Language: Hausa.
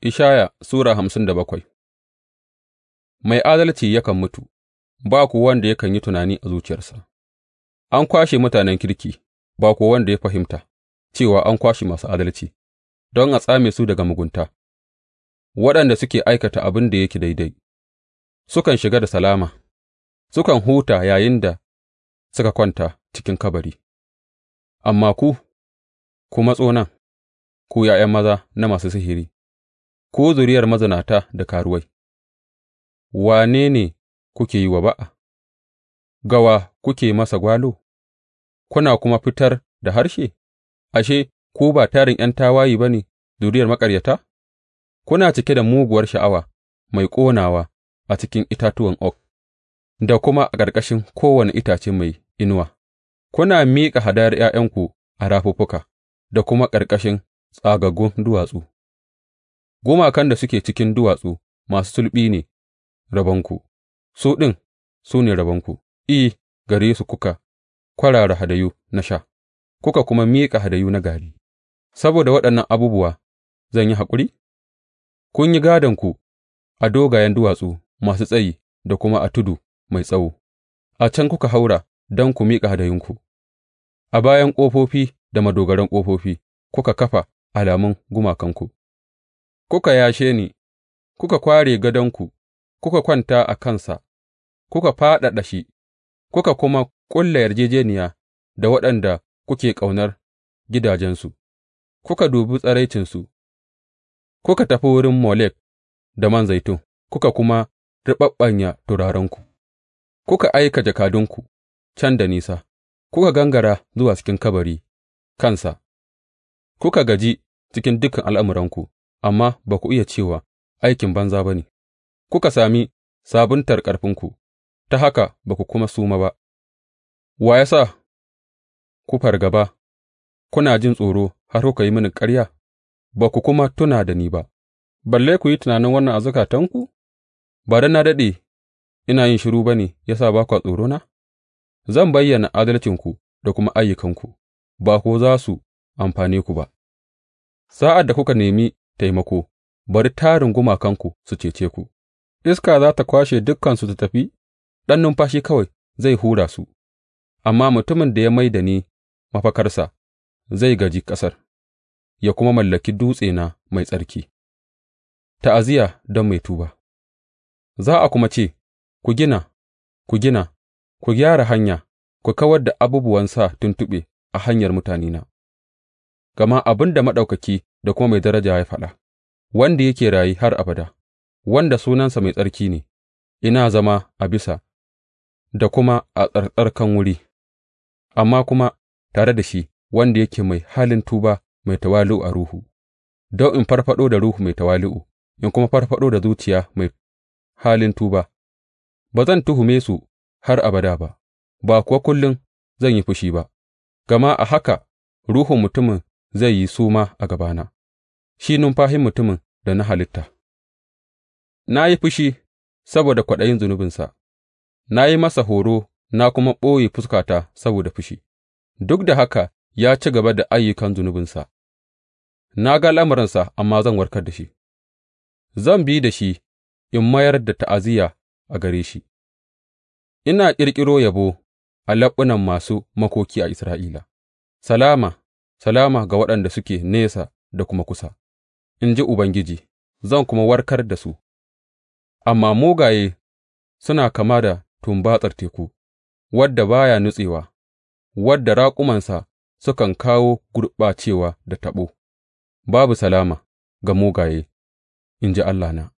Ishaya Sura hamsin da bakwai Mai adalci yakan mutu, ba kuwa wanda yakan yi tunani a zuciyarsa, an kwashe mutanen kirki, ba kuwa wanda ya fahimta cewa an kwashe masu adalci, don a tsame su daga mugunta, waɗanda suke aikata abin da yake daidai, sukan shiga da salama, sukan huta yayin da suka kwanta cikin kabari, amma ku, ku matso nan, ku Ya'yan maza na masu sihiri. ko zuriyar mazinata da karuwai, wane ne kuke yi wa ba'a, Gawa kuke masa gwalo, kuna kuma fitar da harshe, ashe, ku ba tarin ’yan tawaye ba ne, zuriyar maƙaryata? Kuna cike da muguwar sha'awa mai ƙonawa a cikin itatuwan oak, da kuma a ƙarƙashin kowane itace mai inuwa, kuna miƙa hadayar ’ya'yanku a rafuffuka da kuma ƙarƙashin tsagaggun duwatsu. Gumakan da suke cikin duwatsu masu sulɓi ne rabonku; su ɗin su ne rabonku, I, gare su kuka kwarara hadayu na sha kuka kuma miƙa hadayu na gari Saboda waɗannan abubuwa zan yi haƙuri? Kun yi gādonku a dogayen duwatsu masu tsayi da kuma a tudu mai tsawo; a can kuka haura don ku miƙa hadayunku, a bayan ƙofofi da madogaran ƙofofi kuka kafa alamun gumakanku. kuka yashe ni, kuka kware gadonku, kuka kwanta a kansa, kuka fadada shi, kuka kuma ƙulla yarjejeniya da waɗanda kuke ƙaunar gidajensu, kuka dubi tsiraicinsu, kuka tafi wurin Molek da man zaitun, kuka kuma riɓaɓɓanya turarenku, kuka aika jakadunku can da nisa, kuka gangara zuwa cikin kabari kansa, kuka gaji cikin dukan al'amuranku. amma ba ku iya cewa, Aikin banza ba ne; kuka sami sabuntar ƙarfinku, ta haka ba ku kuma suma ba, wa ya sa ku fargaba, kuna jin tsoro har kuka yi mini ƙarya, ba ku kuma tuna da ni ba, balle ku yi tunanin wannan a zukatanku? Ba da na daɗe ina yin shiru ba ne ya sa ba kwa tsorona? Zan bayyana adalcinku da kuma ayyukanku, ba ku za su amfane ku ba. Sa'ad da kuka nemi taimako, bari tarin gumakanku su cece ku, iska za ta kwashe dukansu ta tafi, ɗan numfashi kawai zai hura su, amma mutumin da ya mai da ni mafakarsa zai gaji ƙasar, ya kuma mallaki dutsena mai tsarki. Ta'aziyya don mai tuba Za a kuma ce, Ku gina, ku gina, ku gyara hanya, ku kawar da abubuwan sa tuntuɓe a hanyar mutanena, gama abin da Maɗaukaki da kuma mai daraja ya faɗa, wanda yake rayu har abada, wanda sunansa mai tsarki ne, ina zama a bisa da kuma a tsarkakan wuri, amma kuma tare da shi wanda yake mai halin tuba mai tawali'u a ruhu, don in farfaɗo da ruhu mai tawali'u, in kuma farfaɗo da zuciya mai halin tuba, ba zan tuhume su har abada ba, ba kuwa kullum zan yi fushi ba, gama a haka ruhun mutumin zai yi suma a gabana, shi numfahin mutumin da na halitta. Na yi fushi saboda kwaɗayin zunubinsa, na yi masa horo na kuma ɓoye fuskata saboda fushi, duk da haka ya ci gaba da ayyukan zunubinsa, na ga al'amuransa amma zan warkar da shi, zan bi da shi in mayar da ta'aziyya a gare shi, ina ƙirƙiro yabo a leɓunan masu makoki a Isra'ila, Salama, Salama ga waɗanda suke nesa da kuma kusa, in ji Ubangiji, zan kuma warkar da su, amma mugaye suna kama da tumbatsar teku, wadda ba ya nutsewa, wadda raƙumansa sukan kawo gurɓacewa da taɓo. babu salama ga mugaye, in ji Allahna.